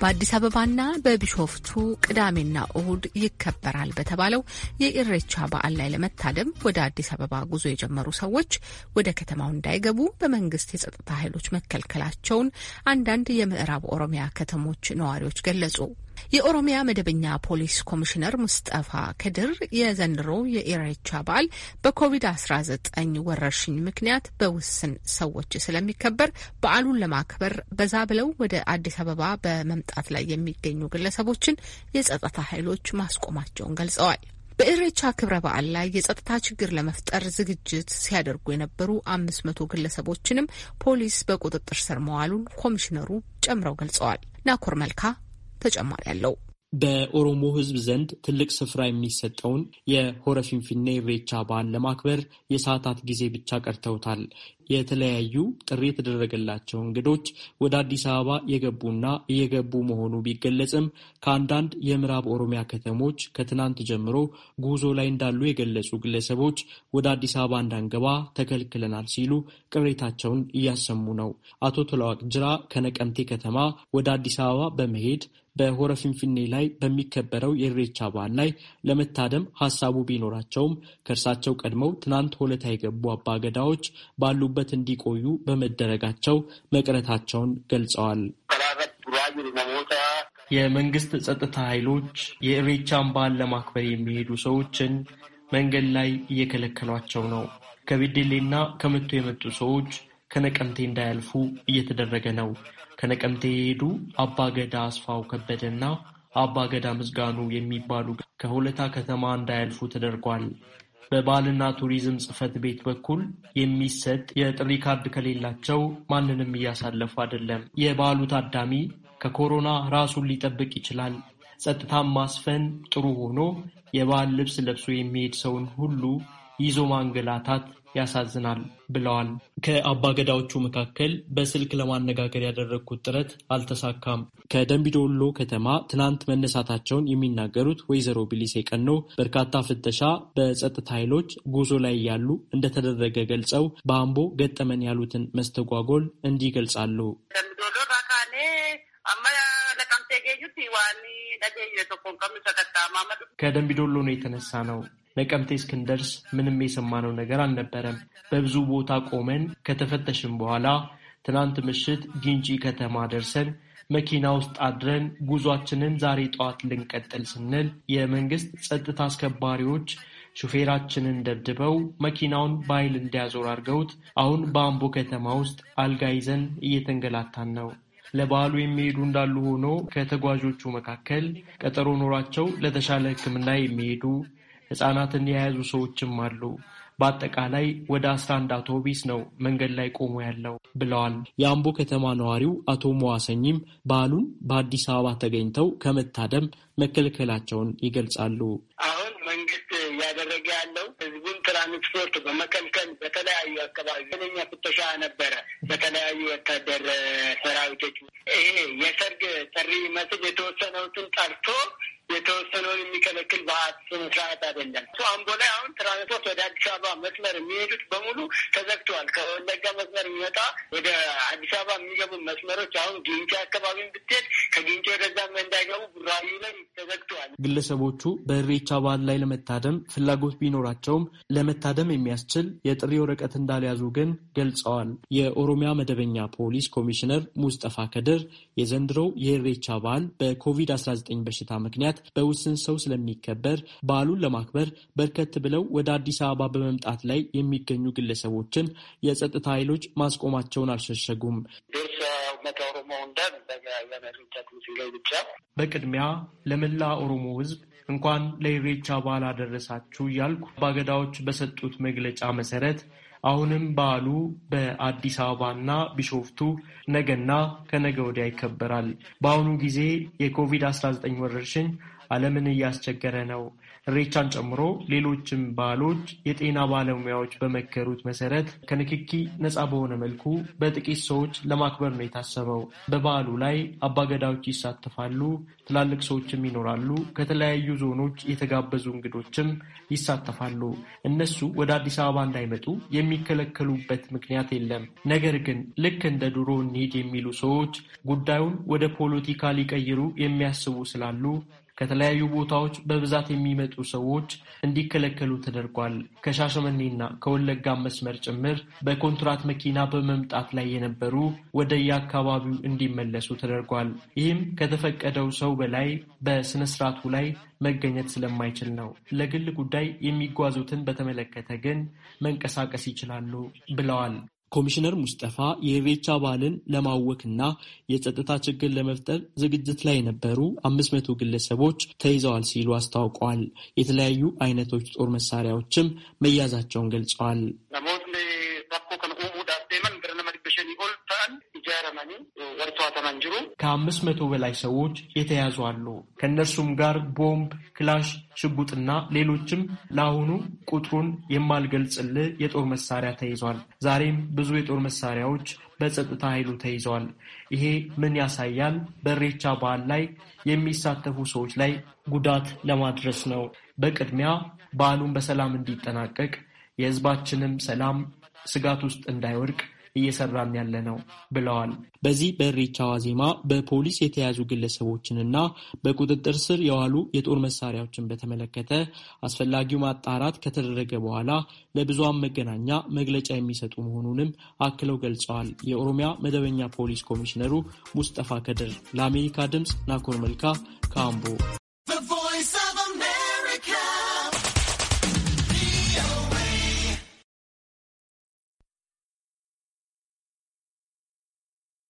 በአዲስ አበባና በቢሾፍቱ ቅዳሜና እሁድ ይከበራል በተባለው የኢሬቻ በዓል ላይ ለመታደም ወደ አዲስ አበባ ጉዞ የጀመሩ ሰዎች ወደ ከተማው እንዳይገቡ በመንግስት የጸጥታ ኃይሎች መከልከላቸውን አንዳንድ የምዕራብ ኦሮሚያ ከተሞች ነዋሪዎች ገለጹ። የኦሮሚያ መደበኛ ፖሊስ ኮሚሽነር ሙስጠፋ ክድር የዘንድሮ የኢሬቻ በዓል በኮቪድ-19 ወረርሽኝ ምክንያት በውስን ሰዎች ስለሚከበር በዓሉን ለማክበር በዛ ብለው ወደ አዲስ አበባ በመምጣት ላይ የሚገኙ ግለሰቦችን የጸጥታ ኃይሎች ማስቆማቸውን ገልጸዋል። በኢሬቻ ክብረ በዓል ላይ የጸጥታ ችግር ለመፍጠር ዝግጅት ሲያደርጉ የነበሩ አምስት መቶ ግለሰቦችንም ፖሊስ በቁጥጥር ስር መዋሉን ኮሚሽነሩ ጨምረው ገልጸዋል። ናኮር መልካ ተጨማሪ አለው። በኦሮሞ ሕዝብ ዘንድ ትልቅ ስፍራ የሚሰጠውን የሆረ ፊንፊኔ ኢሬቻ በዓል ለማክበር የሰዓታት ጊዜ ብቻ ቀርተውታል። የተለያዩ ጥሪ የተደረገላቸው እንግዶች ወደ አዲስ አበባ የገቡና እየገቡ መሆኑ ቢገለጽም ከአንዳንድ የምዕራብ ኦሮሚያ ከተሞች ከትናንት ጀምሮ ጉዞ ላይ እንዳሉ የገለጹ ግለሰቦች ወደ አዲስ አበባ እንዳንገባ ተከልክለናል ሲሉ ቅሬታቸውን እያሰሙ ነው። አቶ ቶላዋቅ ጅራ ከነቀምቴ ከተማ ወደ አዲስ አበባ በመሄድ በሆረ ፊንፊኔ ላይ በሚከበረው የኢሬቻ በዓል ላይ ለመታደም ሀሳቡ ቢኖራቸውም ከእርሳቸው ቀድመው ትናንት ሆለታ የገቡ አባገዳዎች ባሉ ባሉበት እንዲቆዩ በመደረጋቸው መቅረታቸውን ገልጸዋል። የመንግስት ጸጥታ ኃይሎች የኢሬቻን በዓል ለማክበር የሚሄዱ ሰዎችን መንገድ ላይ እየከለከሏቸው ነው። ከቤዴሌና ከመቱ የመጡ ሰዎች ከነቀምቴ እንዳያልፉ እየተደረገ ነው። ከነቀምቴ የሄዱ አባገዳ አስፋው ከበደና አባገዳ ምዝጋኑ የሚባሉ ከሁለታ ከተማ እንዳያልፉ ተደርጓል። በባህልና ቱሪዝም ጽህፈት ቤት በኩል የሚሰጥ የጥሪ ካርድ ከሌላቸው ማንንም እያሳለፉ አይደለም። የበዓሉ ታዳሚ ከኮሮና ራሱን ሊጠብቅ ይችላል። ጸጥታን ማስፈን ጥሩ ሆኖ የባህል ልብስ ለብሶ የሚሄድ ሰውን ሁሉ ይዞ ማንገላታት ያሳዝናል ብለዋል። ከአባገዳዎቹ መካከል በስልክ ለማነጋገር ያደረግኩት ጥረት አልተሳካም። ከደንቢዶሎ ከተማ ትናንት መነሳታቸውን የሚናገሩት ወይዘሮ ቢሊሴ ቀኖ በርካታ ፍተሻ በጸጥታ ኃይሎች ጉዞ ላይ ያሉ እንደተደረገ ገልጸው በአምቦ ገጠመን ያሉትን መስተጓጎል እንዲህ ይገልጻሉ። ከደንቢዶሎ ነው የተነሳ ነው ነቀምቴ እስክንደርስ ምንም የሰማነው ነገር አልነበረም። በብዙ ቦታ ቆመን ከተፈተሽን በኋላ ትናንት ምሽት ጊንጪ ከተማ ደርሰን መኪና ውስጥ አድረን ጉዟችንን ዛሬ ጠዋት ልንቀጥል ስንል የመንግስት ጸጥታ አስከባሪዎች ሹፌራችንን ደብድበው መኪናውን በኃይል እንዲያዞር አድርገውት አሁን በአምቦ ከተማ ውስጥ አልጋ ይዘን እየተንገላታን ነው። ለበዓሉ የሚሄዱ እንዳሉ ሆኖ ከተጓዦቹ መካከል ቀጠሮ ኖሯቸው ለተሻለ ሕክምና የሚሄዱ ሕፃናትን የያዙ ሰዎችም አሉ። በአጠቃላይ ወደ 11 አውቶቡስ ነው መንገድ ላይ ቆሞ ያለው ብለዋል። የአምቦ ከተማ ነዋሪው አቶ መዋሰኝም በዓሉን በአዲስ አበባ ተገኝተው ከመታደም መከልከላቸውን ይገልጻሉ። አሁን መንግስት እያደረገ ያለው ህዝቡን ትራንስፖርት በመከልከል በተለያዩ አካባቢ ዘለኛ ፍተሻ ነበረ፣ በተለያዩ ወታደር ሰራዊቶች። ይሄ የሰርግ ጥሪ መስል የተወሰነውትን ጠርቶ የተወሰነውን የሚከለክል በስነ ስርዓት አይደለም። አምቦ ላይ አሁን ትራንስፖርት ወደ አዲስ አበባ መስመር የሚሄዱት በሙሉ ተዘግተዋል። ከወለጋ መስመር የሚመጣ ወደ አዲስ አበባ የሚገቡ መስመሮች አሁን ጊንጪ አካባቢ ብትሄድ ከጊንጪ ወደዛ እንዳይገቡ ቡራዩ ላይ ተዘግተዋል። ግለሰቦቹ በኢሬቻ በዓል ላይ ለመታደም ፍላጎት ቢኖራቸውም ለመታደም የሚያስችል የጥሪ ወረቀት እንዳልያዙ ግን ገልጸዋል። የኦሮሚያ መደበኛ ፖሊስ ኮሚሽነር ሙስጠፋ ከድር የዘንድሮው የእሬቻ በዓል በኮቪድ-19 በሽታ ምክንያት ምክንያት በውስን ሰው ስለሚከበር በዓሉን ለማክበር በርከት ብለው ወደ አዲስ አበባ በመምጣት ላይ የሚገኙ ግለሰቦችን የጸጥታ ኃይሎች ማስቆማቸውን አልሸሸጉም። በቅድሚያ ለመላ ኦሮሞ ህዝብ እንኳን ለኢሬቻ በዓል አደረሳችሁ እያልኩ አባገዳዎች በሰጡት መግለጫ መሰረት አሁንም በዓሉ በአዲስ አበባና ቢሾፍቱ ነገና ከነገ ወዲያ ይከበራል። በአሁኑ ጊዜ የኮቪድ-19 ወረርሽኝ ዓለምን እያስቸገረ ነው። እሬቻን ጨምሮ ሌሎችም ባህሎች የጤና ባለሙያዎች በመከሩት መሰረት ከንክኪ ነፃ በሆነ መልኩ በጥቂት ሰዎች ለማክበር ነው የታሰበው። በበዓሉ ላይ አባገዳዎች ይሳተፋሉ፣ ትላልቅ ሰዎችም ይኖራሉ። ከተለያዩ ዞኖች የተጋበዙ እንግዶችም ይሳተፋሉ። እነሱ ወደ አዲስ አበባ እንዳይመጡ የሚከለከሉበት ምክንያት የለም። ነገር ግን ልክ እንደ ድሮ እንሂድ የሚሉ ሰዎች ጉዳዩን ወደ ፖለቲካ ሊቀይሩ የሚያስቡ ስላሉ ከተለያዩ ቦታዎች በብዛት የሚመጡ ሰዎች እንዲከለከሉ ተደርጓል። ከሻሸመኔና ከወለጋ መስመር ጭምር በኮንትራት መኪና በመምጣት ላይ የነበሩ ወደ የአካባቢው እንዲመለሱ ተደርጓል። ይህም ከተፈቀደው ሰው በላይ በስነስርዓቱ ላይ መገኘት ስለማይችል ነው። ለግል ጉዳይ የሚጓዙትን በተመለከተ ግን መንቀሳቀስ ይችላሉ ብለዋል። ኮሚሽነር ሙስጠፋ የኢሬቻ በዓልን ለማወክና የጸጥታ ችግር ለመፍጠር ዝግጅት ላይ የነበሩ አምስት መቶ ግለሰቦች ተይዘዋል ሲሉ አስታውቀዋል። የተለያዩ አይነቶች ጦር መሳሪያዎችም መያዛቸውን ገልጸዋል። በወንጀሉ ከአምስት መቶ በላይ ሰዎች የተያዙ አሉ። ከእነርሱም ጋር ቦምብ፣ ክላሽ፣ ሽጉጥና ሌሎችም ለአሁኑ ቁጥሩን የማልገልጽልህ የጦር መሳሪያ ተይዟል። ዛሬም ብዙ የጦር መሳሪያዎች በጸጥታ ኃይሉ ተይዘዋል። ይሄ ምን ያሳያል? በሬቻ በዓል ላይ የሚሳተፉ ሰዎች ላይ ጉዳት ለማድረስ ነው። በቅድሚያ በዓሉን በሰላም እንዲጠናቀቅ የሕዝባችንም ሰላም ስጋት ውስጥ እንዳይወድቅ እየሰራን ያለ ነው ብለዋል። በዚህ በኢሬቻ ዋዜማ በፖሊስ የተያዙ ግለሰቦችንና በቁጥጥር ስር የዋሉ የጦር መሳሪያዎችን በተመለከተ አስፈላጊው ማጣራት ከተደረገ በኋላ ለብዙሃን መገናኛ መግለጫ የሚሰጡ መሆኑንም አክለው ገልጸዋል። የኦሮሚያ መደበኛ ፖሊስ ኮሚሽነሩ ሙስጠፋ ከድር ለአሜሪካ ድምፅ ናኮር መልካ ካምቦ